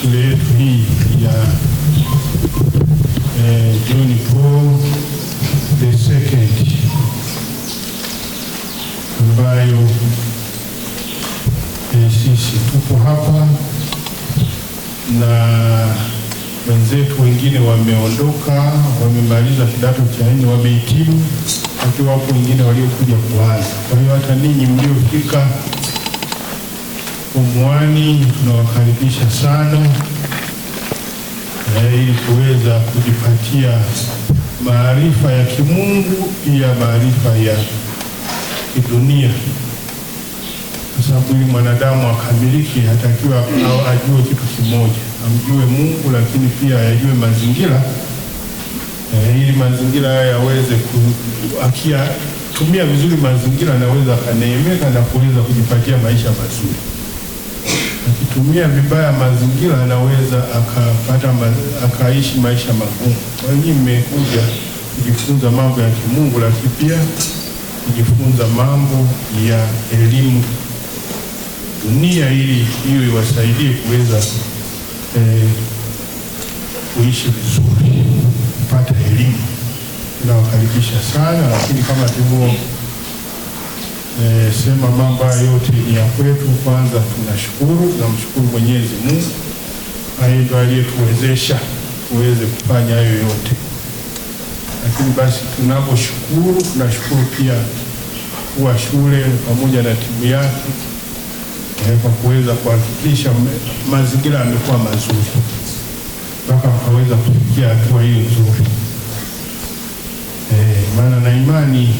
shule yetu hii ya eh, John Paul the second ambayo eh, sisi tupo hapa na wenzetu wengine wameondoka, wamemaliza kidato cha nne, wamehitimu, akiwapo wengine waliokuja kuanza. Kwa hiyo hata ninyi mliofika Umwani tunawakaribisha sana e, ili kuweza kujipatia maarifa ya kimungu pia maarifa ya kidunia, kwa sababu ili mwanadamu akamiliki hatakiwa au ajue kitu kimoja, amjue Mungu, lakini pia ayajue mazingira e, ili mazingira hayo yaweze akiatumia vizuri mazingira anaweza akaneemeka na kuweza kujipatia maisha mazuri akitumia vibaya mazingira anaweza akapata ma, akaishi maisha magumu. Kwa hiyo mmekuja kujifunza mambo ya kimungu, lakini pia kujifunza mambo ya elimu dunia ili hiyo iwasaidie kuweza eh, kuishi vizuri, kupata elimu. Tunawakaribisha sana, lakini kama tulivyo e, sema mambo yote ni ya kwetu. Kwanza tunashukuru, tunamshukuru Mwenyezi Mungu aye aliyetuwezesha tuweze kufanya hayo yote, lakini basi tunaposhukuru, tunashukuru pia kuwa shule pamoja na timu yake eh, kwa kuweza kuhakikisha mazingira yamekuwa mazuri mpaka mkaweza kufikia hatua hii nzuri e, maana na imani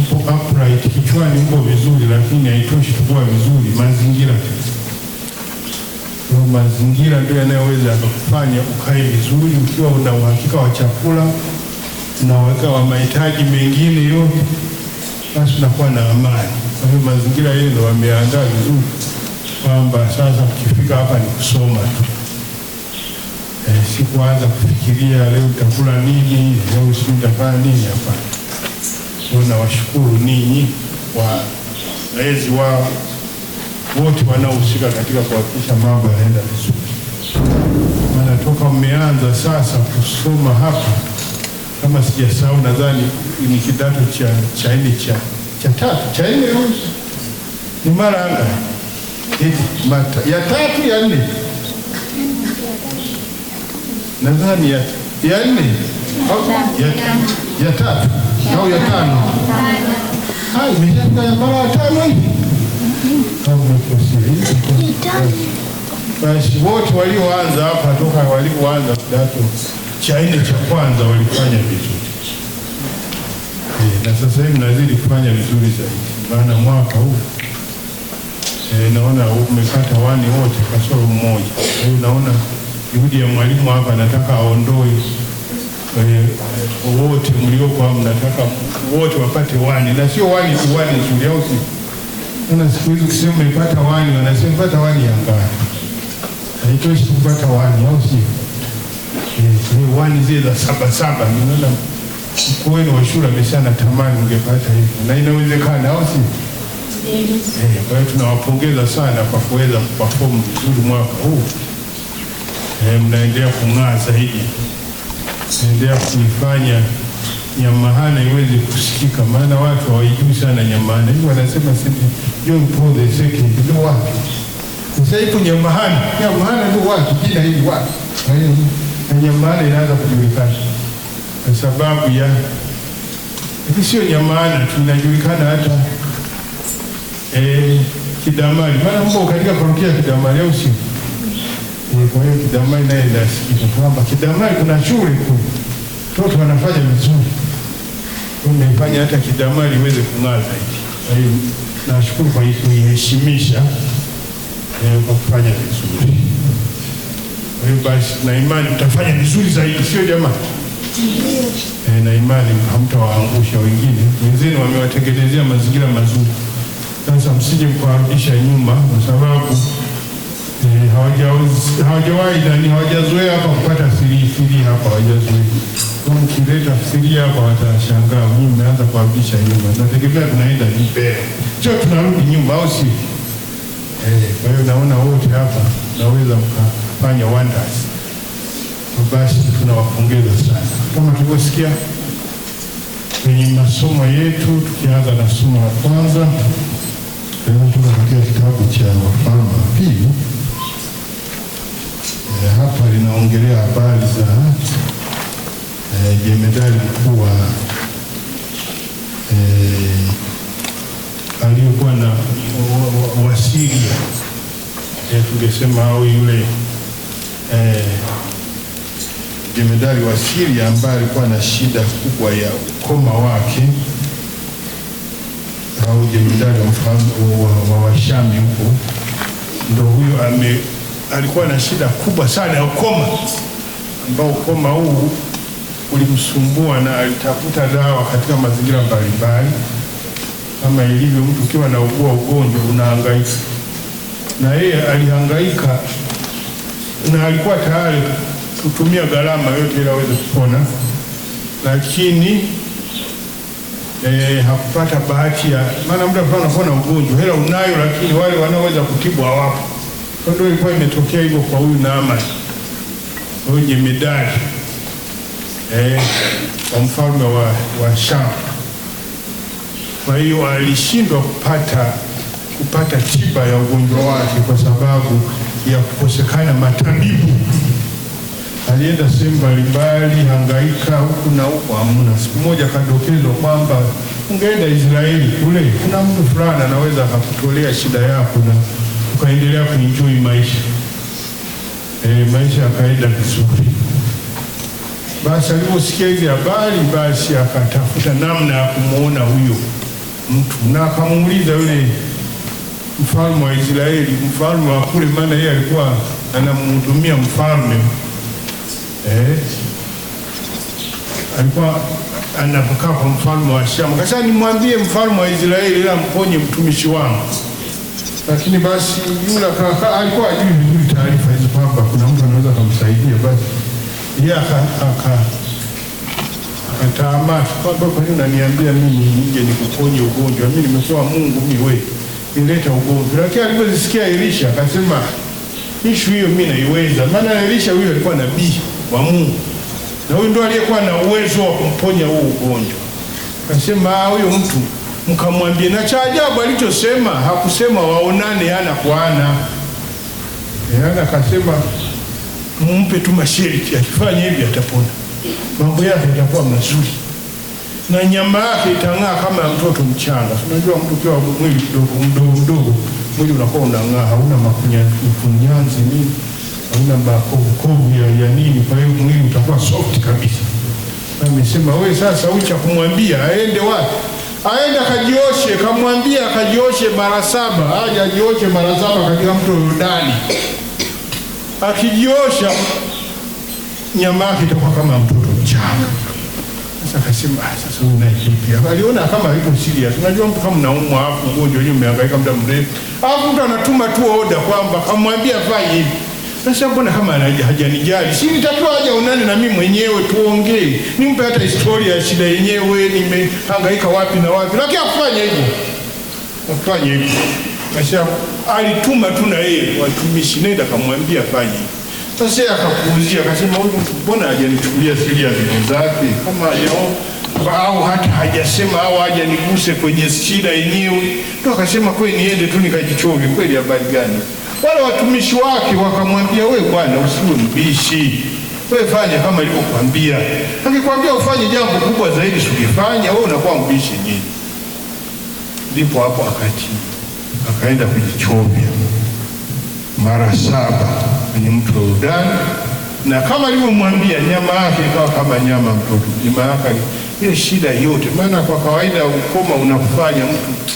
mpo upright, kichwani mpo vizuri, lakini haitoshi kuwa vizuri. Mazingira mazingira ndio yanayoweza kufanya ukae vizuri, ukiwa una uhakika wa chakula na uhakika wa mahitaji mengine yote, basi unakuwa na amani. Kwa hiyo mazingira yenu wameandaa vizuri, kwamba sasa ukifika hapa ni kusoma tu eh, si kuanza kufikiria leo nitakula nini, leo si nitafanya nini. Hapana tunawashukuru ninyi walezi wao wote wanaohusika katika kuhakikisha mambo yanaenda vizuri, maana toka mmeanza sasa kusoma hapa, kama sijasahau, nadhani ni kidato cha cha nne cha cha tatu cha nne, ni mara ngapi? Ya tatu ya nne, nadhani ya nne ya tatu ya tatu au ya tano ya mara ya tano hivi. Basi wote walioanza hapa toka walioanza kidato cha nne cha kwanza walifanya vizuri e, na sasa hivi nazidi kufanya vizuri zaidi, maana mwaka huu e, naona umekata wani wote kasoro mmoja. Kwa hiyo naona juhudi ya mwalimu hapa, nataka aondoe Eh, wote mliokuwa mnataka wote wapate wani, na sio wani tu wani nzuri, au si? Una siku hizi ukisema umepata wani, wanasema pata wani ya ngapi? Haitoshi kupata wani, au si? Ni eh, wani zile za saba saba, ninaona mkuu wenu wa shule ameshana tamani ungepata hivyo, na inawezekana, au si? Eh, kwa hiyo tunawapongeza sana kwa kuweza kuperform vizuri mwaka huu. Eh, mnaendelea kung'aa zaidi tutaendelea kuifanya Nyamahana iweze kusikika, maana watu hawaijui sana Nyamahana. Hivi wanasema John Paul the second ndio wapi? Sasa ipo Nyamahana, Nyamahana ndio wapi? Jina hivi wapi? Na Nyamahana inaanza kujulikana kwa sababu ya hivi, sio Nyamahana tunajulikana hata eh, Kidamali, maana mbo katika parokia Kidamali au sio? Kwa hiyo Kidamai naye inasikika kwamba Kidamai kuna shule tu, mtoto anafanya vizuri, unaifanya hata Kidamai liweze kung'aa zaidi. Kwa hiyo nashukuru kwa kuiheshimisha eh, kwa kufanya vizuri. Kwa hiyo basi, na imani mtafanya vizuri zaidi, sio jamani? E, na imani hamtawaangusha wengine. Wenzenu wamewatengenezea mazingira mazuri, sasa msije mkawarudisha nyuma kwa sababu eh, hawajawahi hawajazoea hapa kupata siri siri hapa, hawajazoea mkileta siri hapa watashangaa, mimi naanza kuarudisha nyuma, nategemea tunaenda mbele, sio tunarudi nyuma, au si? Kwa hiyo naona wote hapa naweza mkafanya wonders, basi tunawapongeza sana, kama tulivyosikia kwenye masomo yetu, tukianza na somo la kwanza leo tunatokea kitabu cha Wafalme wa Pili e, hapa linaongelea habari za e, jemedari mkuu wa e, eh, aliyokuwa na wasiria e, tungesema au yule e, jemedari wa Siria ambaye alikuwa na shida kubwa ya ukoma wake au jemedari wa, wa, wa Washami huko, ndo huyo ame alikuwa na shida kubwa sana ya ukoma, ambao ukoma huu ulimsumbua na alitafuta dawa katika mazingira mbalimbali. Kama ilivyo mtu ukiwa na ugua ugonjwa unahangaika, na yeye alihangaika na alikuwa tayari kutumia gharama yote ili aweze kupona, lakini eh, hakupata bahati ya maana. Mtu anakuwa na ugonjwa, hela unayo, lakini wale wanaoweza kutibu hawapo kwa ndio ilikuwa imetokea hivyo kwa huyu Naamani, huyu jemedari eh, kwa mfalme wa, wa Shamu. Kwa hiyo alishindwa kupata kupata tiba ya ugonjwa wake kwa sababu ya kukosekana matabibu. Alienda sehemu mbalimbali, hangaika huku na huku, hamna. Siku moja akadokezwa kwamba ungeenda Israeli, kule kuna mtu fulani anaweza akakutolea shida yako na ukaendelea kuenjoy maisha e, maisha yakaenda vizuri. Basi aliposikia hizi habari, basi akatafuta namna ya kumwona huyo mtu na akamuuliza yule mfalme wa Israeli, mfalme wa kule, maana yeye alikuwa anamhudumia mfalme eh, alikuwa anakaa kwa mfalme wa Shamu. kasa nimwambie mfalme wa Israeli, ila mponye mtumishi wangu lakini basi yule alikuwa ajui vizuri taarifa hizo kwamba kuna mtu anaweza akamsaidia, basi yeye akatamaa kwamba kwa nini unaniambia mimi nije nikuponye ugonjwa? Mimi nimekuwa Mungu mimi, wewe nileta ugonjwa. Lakini alipozisikia Elisha akasema ishu hiyo mimi naiweza, maana Elisha huyo alikuwa nabii wa Mungu na huyu ndo aliyekuwa na uwezo wa kumponya huu ugonjwa. Akasema ah, huyo mtu mkamwambie. Na cha ajabu alichosema hakusema waonane ana kwa ana, yaani akasema mumpe tu masharti, akifanya hivi atapona, mambo yake yatakuwa mazuri na nyama yake itang'aa kama ya mtoto mchanga. Unajua, mtu ukiwa mwili kidogo mdogo mdogo, mwili unakuwa unang'aa, hauna makunyanzi nini, hauna makovukovu ya, ya nini. Kwa hiyo mwili utakuwa soft kabisa. Amesema we sasa, huyu cha kumwambia aende wapi? aende akajioshe, kamwambia akajioshe mara saba, aja ajioshe mara saba katika mto Yordani. Akijiosha nyama yake itakuwa kama mtoto mchanga. Ah, Aliona kama iko serious. Unajua, mtu kama unaumwa afu ugonjwa wenyewe umehangaika muda mrefu, afu mtu anatuma tu oda kwamba kamwambia fai hivi Nasema mbona kama hajanijali, si nitakiwa aje aonane na mimi mwenyewe tuongee, nimpe hata historia ya shida yenyewe, nimehangaika wapi na wapi, lakini akufanya hivyo, akufanya hivyo. Nasema alituma tu na yeye watumishi, nenda kamwambia fanye sasa akakuuzia akasema, huyu mbona hajanichukulia siri ya vitu zake, kama hajao au hata hajasema au haja hajaniguse kwenye shida yenyewe. Ndo akasema kweli niende tu nikajichoge, kweli habari gani? Wale watumishi wake wakamwambia, we bwana, usiwe mbishi, we fanya kama ilivyokwambia. Akikwambia ufanye jambo kubwa zaidi sikifanya, we unakuwa mbishi nini? Ndipo hapo akati akaenda kujichovya mara saba kwenye mto wa Yordani, na kama alivyomwambia nyama yake ikawa kama nyama mtoto, nyama yake ile shida yote, maana kwa kawaida ukoma unakufanya mtu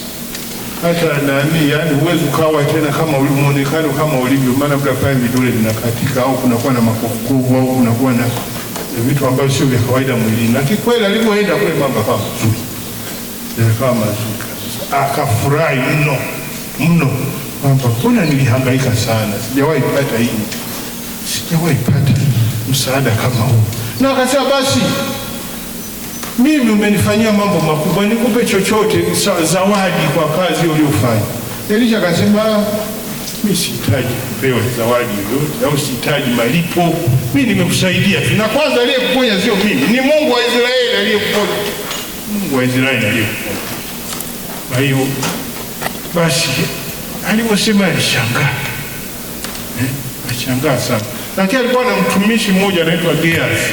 hata nani, yani huwezi ukawa tena kama muonekano kama ulivyo, maana muda fulani vidole vinakatika au kunakuwa na makovukovu au kunakuwa na vitu ambavyo sio vya kawaida mwilini. Na kikweli alivyoenda kule mambo akawa mazuri, akawa mazuri, akafurahi mno mno kwamba kuna nilihangaika sana, sijawahi pata hii, sijawahi pata msaada kama huu, na akasema basi mimi umenifanyia mambo makubwa, nikupe chochote zawadi kwa kazi uliofanya. Elisha akasema mi sihitaji kupewa zawadi yoyote au sihitaji malipo, mi nimekusaidia tu, na kwanza aliyekuponya sio mimi, ni Mungu wa Israeli aliyekuponya. Mungu wa Israeli aliyekuponya. Kwa hiyo basi alivyosema alishangaa, eh, alishangaa sana, lakini alikuwa na mtumishi mmoja anaitwa Geazi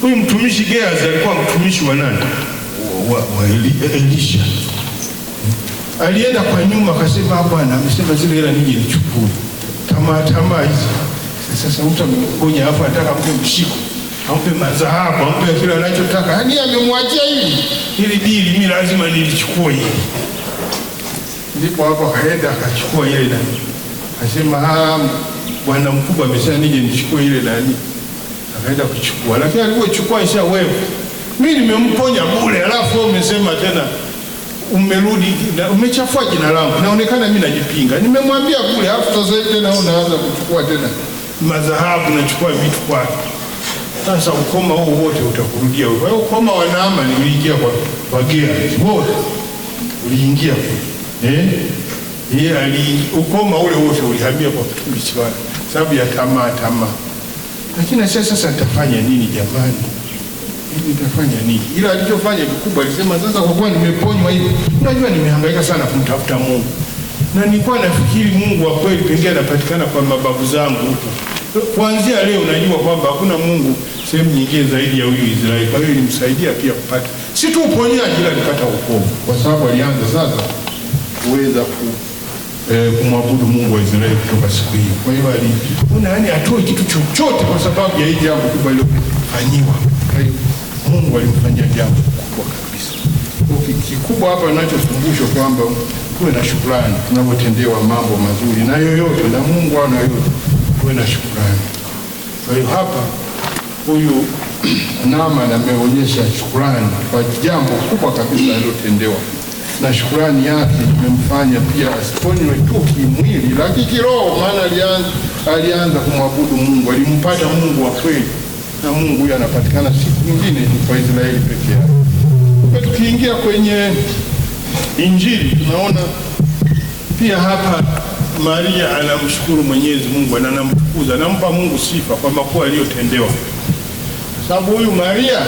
Huyu mtumishi Gehazi alikuwa mtumishi wa nani? Wa, wa Elisha. Alienda kwa nyuma akasema, hapana, amesema zile hela nije nichukue. Tamaa tamaa hizi. Sasa mtu amekuja hapa anataka mpe mshiko, ampe madhahabu, ampe kile anachotaka. Yaani amemwachia hivi. Hili dili mimi lazima nilichukue hili. Ndipo hapo akaenda akachukua ile nani. Akasema, ah, bwana mkubwa amesema nije nichukue ile nani akaenda kuchukua, lakini alipochukua isha wewe, mimi nimemponya bure, alafu umesema tena umerudi umechafua jina langu, naonekana mimi najipinga. Nimemwambia kule, alafu sasa hivi tena unaanza kuchukua tena madhahabu, nachukua vitu kwake. Sasa ukoma huu wote utakurudia wewe. Kwa hiyo ukoma wa Naama uliingia kwa wagea wote uliingia kwa eh, yeye ali ukoma ule wote ulihamia kwa mtumishi wake sababu ya tamaa tamaa lakini nasema sasa nitafanya nini jamani? Nitafanya nini? Ila alichofanya kikubwa alisema sasa kwa kuwa nimeponywa hivi, unajua nimehangaika sana kumtafuta Mungu. Na nilikuwa nafikiri Mungu wa kweli pengine anapatikana kwa mababu zangu huko. Kuanzia leo najua kwamba hakuna Mungu sehemu nyingine zaidi ya huyu Israeli. Kwa hiyo nimsaidia pia kupata si tu uponyaji ila alipata wokovu kwa sababu alianza sasa kuweza ku eh, kumwabudu Mungu wa Israeli kutoka siku hiyo. Kwa hiyo aliona yani atoe kitu chochote kwa sababu ya hii jambo kubwa iliyofanyiwa. Mungu alimfanyia jambo kubwa kabisa. Kikubwa hapa ninachofundishwa kwamba tuwe na shukrani tunapotendewa mambo mazuri na yoyote na Mungu ana yote, tuwe na shukrani. Kwa hiyo hapa huyu Naaman ameonyesha shukrani kwa jambo kubwa kabisa aliotendewa na shukurani yake imemfanya pia asiponywe tu kimwili, lakini kiroho, maana alianza alianza kumwabudu Mungu, alimpata Mungu wa kweli, na Mungu huyo anapatikana siku nyingine ni kwa Israeli peke yake. tukiingia kwenye Injili tunaona pia hapa Maria anamshukuru Mwenyezi Mungu na anamtukuza, anampa Mungu sifa kwa makuu aliyotendewa, sababu huyu Maria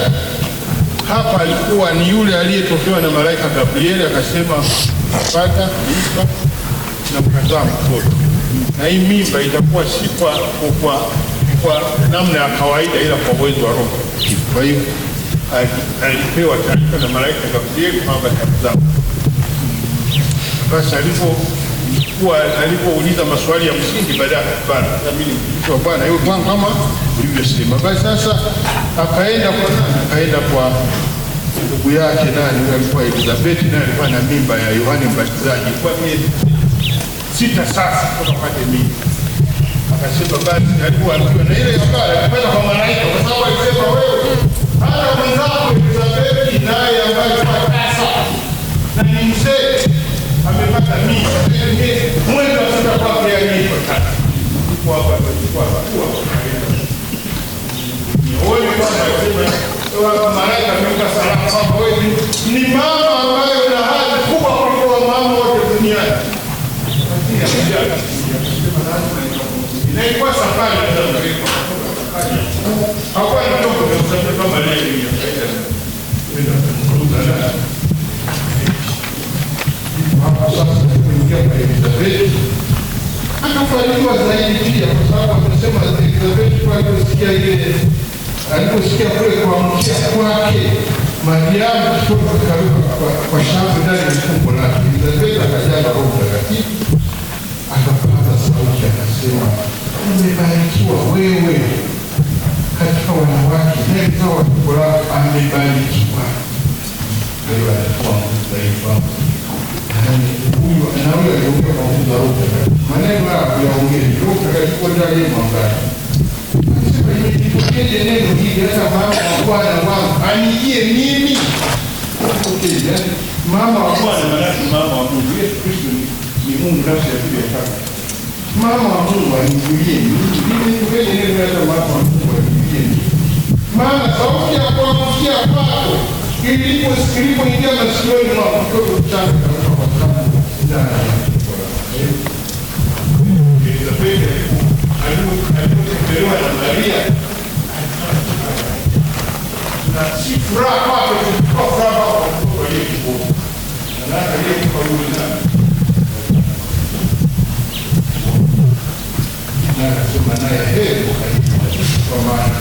hapa alikuwa ni yule aliyetokewa na malaika Gabrieli akasema, napata mimba na mkazaa mtoto, na hii mimba itakuwa si kwa kwa namna ya kawaida, ila kwa uwezo wa Roho. Kwa hiyo alipewa taarifa na malaika Gabrieli kwamba atazaa. Basi alipouliza maswali ya msingi baada ya kubana, mimi wa Bwana hiyo kwangu kama kulivyo sehemu ambaye sasa akaenda kwa nani? Akaenda kwa ndugu yake nani, huyo alikuwa Elizabeth, naye alikuwa na mimba ya Yohane Mbatizaji kwa miezi sita sasa kutoka pale mimba akasema, basi alikuwa alikuwa na ile habari kwenda kwa malaika, kwa sababu alisema wewe hata mwenzako Elizabeth naye ambaye kwa sasa na ni mzee amepata mimba mwenda sasa kwa alipo sasa kwa malaika Ni mama ambayo na hadhi kubwa kuliko wamama wote duniani. Inaikuwa safari hakuwa mtoto kama akafanikiwa zaidi pia, kwa sababu amesema Elizabeth kwa ile aliposikia kule kuamkia kwake Mariamu kutoka karibu kwa shavu ndani ya tumbo lake, Elizabeti akajaza Roho Mtakatifu, akapaza sauti akasema, umebarikiwa wewe katika wanawake na katika tumbo lako amebarikiwa. Alibarikiwa Mungu zaidi huyu na huyu aliongea kwa Mungu wa Roho Mtakatifu, maneno haya kuyaongea Roho Mtakatifu ndiye aliyemwangalia nipokele neno hili hata mama wa bwana wangu anijie mimi mama wa bwana manake mama wa Mungu Yesu Kristo ni Mungu nafsi ya pili ya mama wa Mungu anijulie mimi nipokele neno hata mama wa Mungu anijulie mimi maana sauti ya kuamkia kwako ilipoingia masikioni mwa mtoto mchanga ndani ametolewa na Maria, na si furaha kwake, kwa furaha kwa mtoto aliyekufa na aliyekufa yule na na naye heri kwa maana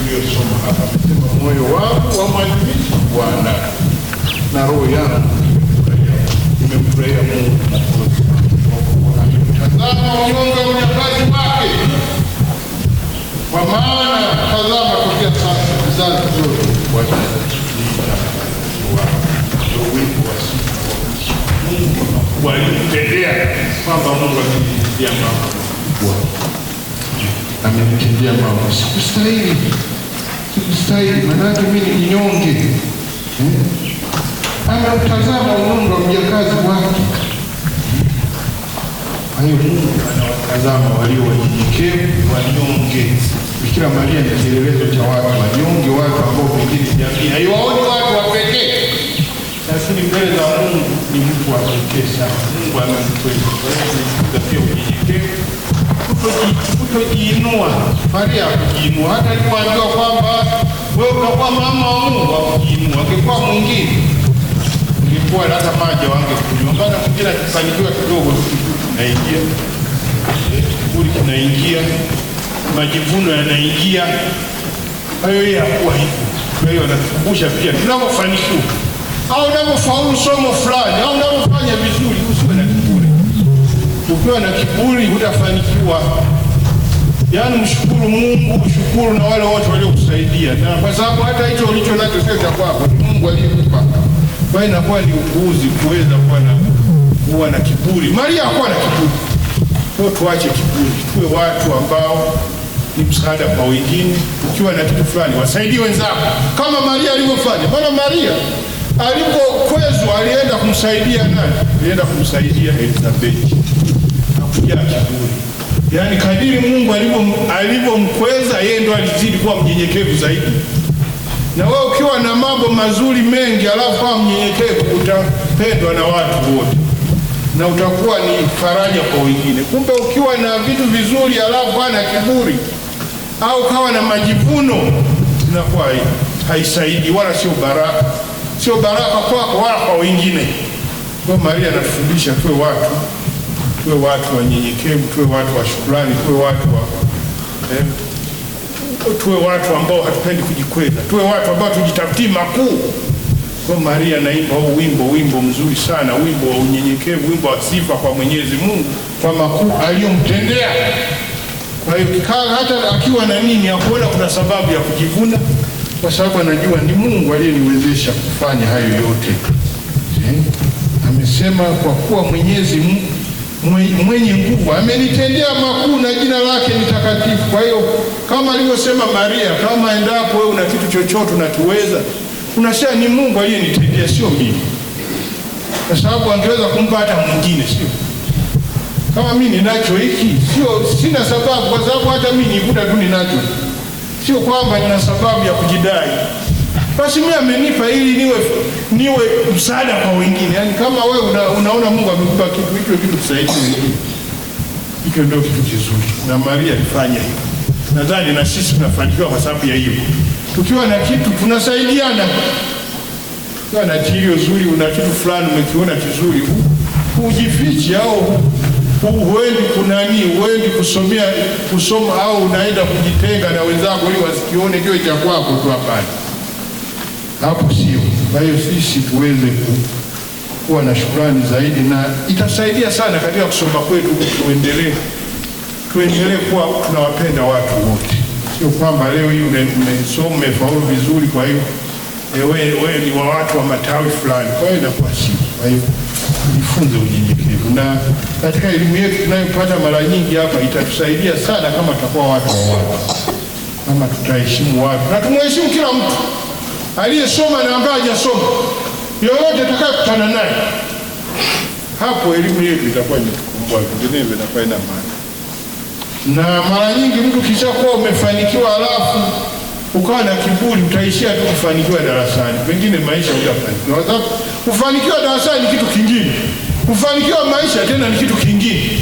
uliyosoma hapa, moyo wangu wa Bwana na roho yangu kumfurahia Mungu tazama unyonge una kazi wake, kwa maana tazama tokea sasa vizazi vyote walimtendea kwamba Mungu amemtendea mama amemtendea mama, sikustahili, sikustahili, maanake mimi ni mnyonge anautazama unondo wa mjakazi wake. Kwa hiyo Mungu anawatazama walio wanyenyekevu, wanyonge. Bikira Maria ni kielelezo cha watu wanyonge, watu ambao pengine jamii haiwaoni watu wa pekee, lakini mbele za Mungu ni mtu wa pekee sana. Mungu amemkweza. Kwa hiyo tunaifuza pia unyenyekevu, kutojiinua, Maria hakujiinua hata alipoambiwa kwamba wewe utakuwa mama wa Mungu, hakujiinua, angekuwa mwingine kuwa hata maji wangekunywa, maana kingine akifanikiwa kidogo naingia eh, kiburi, kinaingia majivuno yanaingia. Kwa hiyo yeye hakuwa hivyo. Kwa hiyo anatukumbusha pia tunapofanikiwa au unapofaulu somo fulani au unapofanya vizuri, usiwe na kiburi. Ukiwa na kiburi utafanikiwa Yaani, mshukuru Mungu, mshukuru na wale wote waliokusaidia, na kwa sababu hata hicho ulicho nacho sio cha kwako, Mungu aliyekupa. Kwa inakuwa ni upuuzi kuweza kuwa na kuwa na kiburi. Maria hakuwa na kiburi. Kwa tuache kiburi, tuwe watu ambao ni msaada kwa wengine. Ukiwa na kitu fulani, wasaidie wenzako kama Maria alivyofanya. Maana Maria alipokwezwa alienda kumsaidia nani? Alienda kumsaidia Elizabeti. Hakujaa kiburi. Yaani kadiri Mungu alivyomkweza yeye ndo alizidi kuwa mnyenyekevu zaidi. Na wewe ukiwa na mambo mazuri mengi, alafu kama mnyenyekevu, utapendwa na watu wote na utakuwa ni faraja kwa wengine. Kumbe ukiwa na vitu vizuri, alafu ana kiburi au kawa na majivuno, inakuwa haisaidi wala sio baraka, sio baraka kwako wala kwa wengine. Kwa Maria anatufundisha tuwe watu tuwe watu wanyenyekevu, tuwe watu wa shukrani, tuwe watu wa eh, tuwe watu ambao hatupendi kujikweza, tuwe watu ambao tujitafutie makuu. Kwa Maria naimba huu wimbo, wimbo mzuri sana, wimbo wa unyenyekevu, wimbo wa sifa kwa Mwenyezi Mungu kwa makuu aliyomtendea. Kwa hiyo hata akiwa na nini, hakuona kuna sababu ya kujivuna, kwa sababu anajua ni Mungu aliyeniwezesha kufanya hayo yote. Eh? Amesema kwa kuwa Mwenyezi Mungu mwenye nguvu amenitendea makuu na jina lake ni takatifu. Kwa hiyo kama alivyosema Maria, kama endapo wewe una kitu chochote unakiweza, unasema ni Mungu aliyenitegea, sio mimi, kwa sababu angeweza kumpa hata mwingine, sio kama mimi ninacho hiki, sio sina sababu, kwa sababu hata mimi nikuta tu ninacho, sio kwamba nina sababu ya kujidai. Basi mimi amenipa ili niwe niwe msaada kwa wengine. Yani kama wewe una, unaona Mungu amekupa kitu hicho kitu kusaidia wengine, hicho ndio kitu kizuri, na Maria alifanya hivyo nadhani na sisi tunafanikiwa kwa sababu ya hiyo. Tukiwa na kitu tunasaidiana, kiwa na tilio zuri, una kitu fulani umekiona kizuri, hujifichi au huendi kunani, huendi kusomea kusoma au unaenda kujitenga na wenzako ili wasikione kio cha kwako tu. Hapana, hapo sio. Kwa hiyo sisi tuweze kuwa na shukrani zaidi, na itasaidia sana katika kusoma kwetu tuendelee tuendelee kuwa tunawapenda watu wote, sio kwamba leo hii umesoma umefaulu vizuri, kwa hiyo wewe eh, ni wa watu wa matawi fulani, kwa hiyo inakuwa si. Kwa hiyo jifunze unyenyekevu, na katika elimu yetu tunayopata mara nyingi hapa itatusaidia sana kama tutakuwa watu wa watu, kama tutaheshimu watu na tumheshimu kila mtu aliyesoma na ambaye hajasoma, yoyote atakayekutana naye hapo, elimu yetu itakuwa inatukomboa, vinginevyo inakuwa ina maana na mara nyingi mtu kishakuwa umefanikiwa alafu ukawa na kiburi, utaishia tu kufanikiwa darasani, pengine maisha hujafanikiwa. sababu Kufanikiwa darasani ni kitu kingine, kufanikiwa maisha tena ni kitu kingine,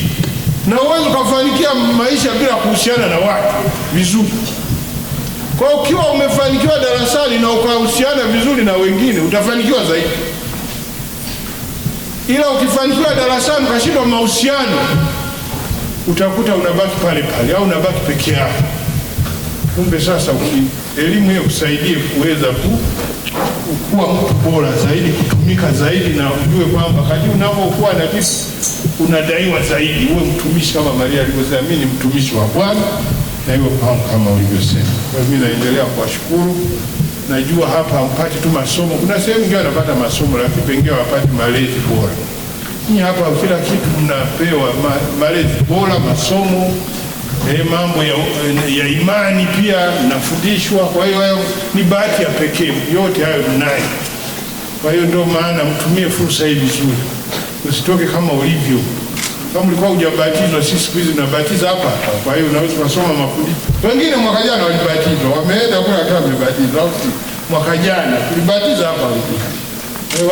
na uwezi ukafanikia maisha bila kuhusiana na watu vizuri. Kwa ukiwa umefanikiwa darasani na ukahusiana vizuri na wengine utafanikiwa zaidi, ila ukifanikiwa darasani ukashindwa mahusiano utakuta unabaki pale pale au unabaki peke yako. Kumbe sasa elimu hiyo kusaidie kuweza ku kuwa mtu bora zaidi, kutumika zaidi, na ujue kwamba kadri unapokuwa na kitu unadaiwa zaidi, uwe mtumishi kama Maria alivyosema, mimi ni mtumishi wa Bwana na iwe kwangu kama ulivyosema. Kwa hiyo mimi naendelea kuwashukuru. Najua hapa hampati tu masomo, kuna sehemu ingine wanapata masomo, lakini pengine wapati malezi bora ni hapa kila kitu mnapewa, malezi bora, masomo eh, mambo ya, eh, ya imani pia mnafundishwa. Kwa hiyo hayo ni bahati ya pekee, yote hayo mnayo. Kwa hiyo ndio maana mtumie fursa hii vizuri, usitoke kama ulivyo. Kama ulikuwa hujabatizwa, sisi siku hizi tunabatiza hapa Kwa hiyo unaweza kusoma mafundisho. Wengine mwaka jana walibatizwa, wameenda kule hata wamebatizwa. Mwaka jana tulibatiza hapa hapa.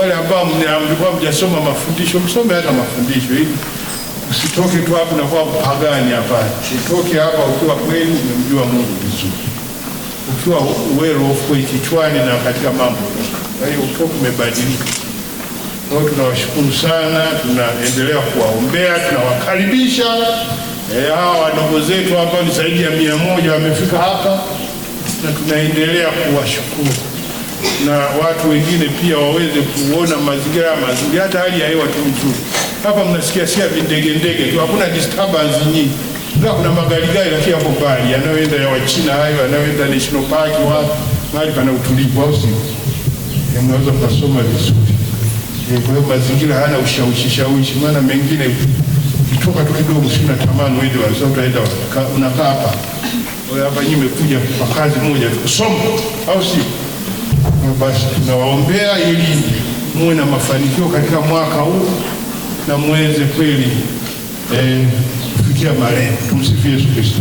Wale ambao mlikuwa mjasoma mafundisho, msome hata mafundisho ili usitoke tu hapo na kuwa mpagani hapa. Utoke hapa ukiwa kweli umemjua Mungu vizuri, ukiwa well off kichwani na katika mambo. Kwa hiyo utoke umebadilika. Kwa hiyo tunawashukuru sana, tunaendelea kuwaombea, tunawakaribisha eh, hawa wadogo zetu ambao ni zaidi ya mia moja wamefika hapa, na tunaendelea kuwashukuru na watu wengine pia waweze kuona mazingira ya mazuri, hata hali ya hewa tu nzuri. Hapa mnasikia sikia vindegendege tu, hakuna disturbance nyingi. Kuna magarigari lakini hapo mbali yanayoenda ya Wachina hayo yanayoenda national park, wa mahali pana utulivu, au sio? Mnaweza kusoma vizuri. Eh, kwa hiyo mazingira hana ushawishi shawishi, maana mengine ukitoka tu kidogo si unatamani uende wapi, utaenda unakaa hapa hapa. nyime kuja kwa kazi moja kusoma, au sio? tunawaombea ili muwe na mafanikio katika mwaka huu na muweze kweli eh, kufikia eh, malengo. Tumsifie Yesu Kristo.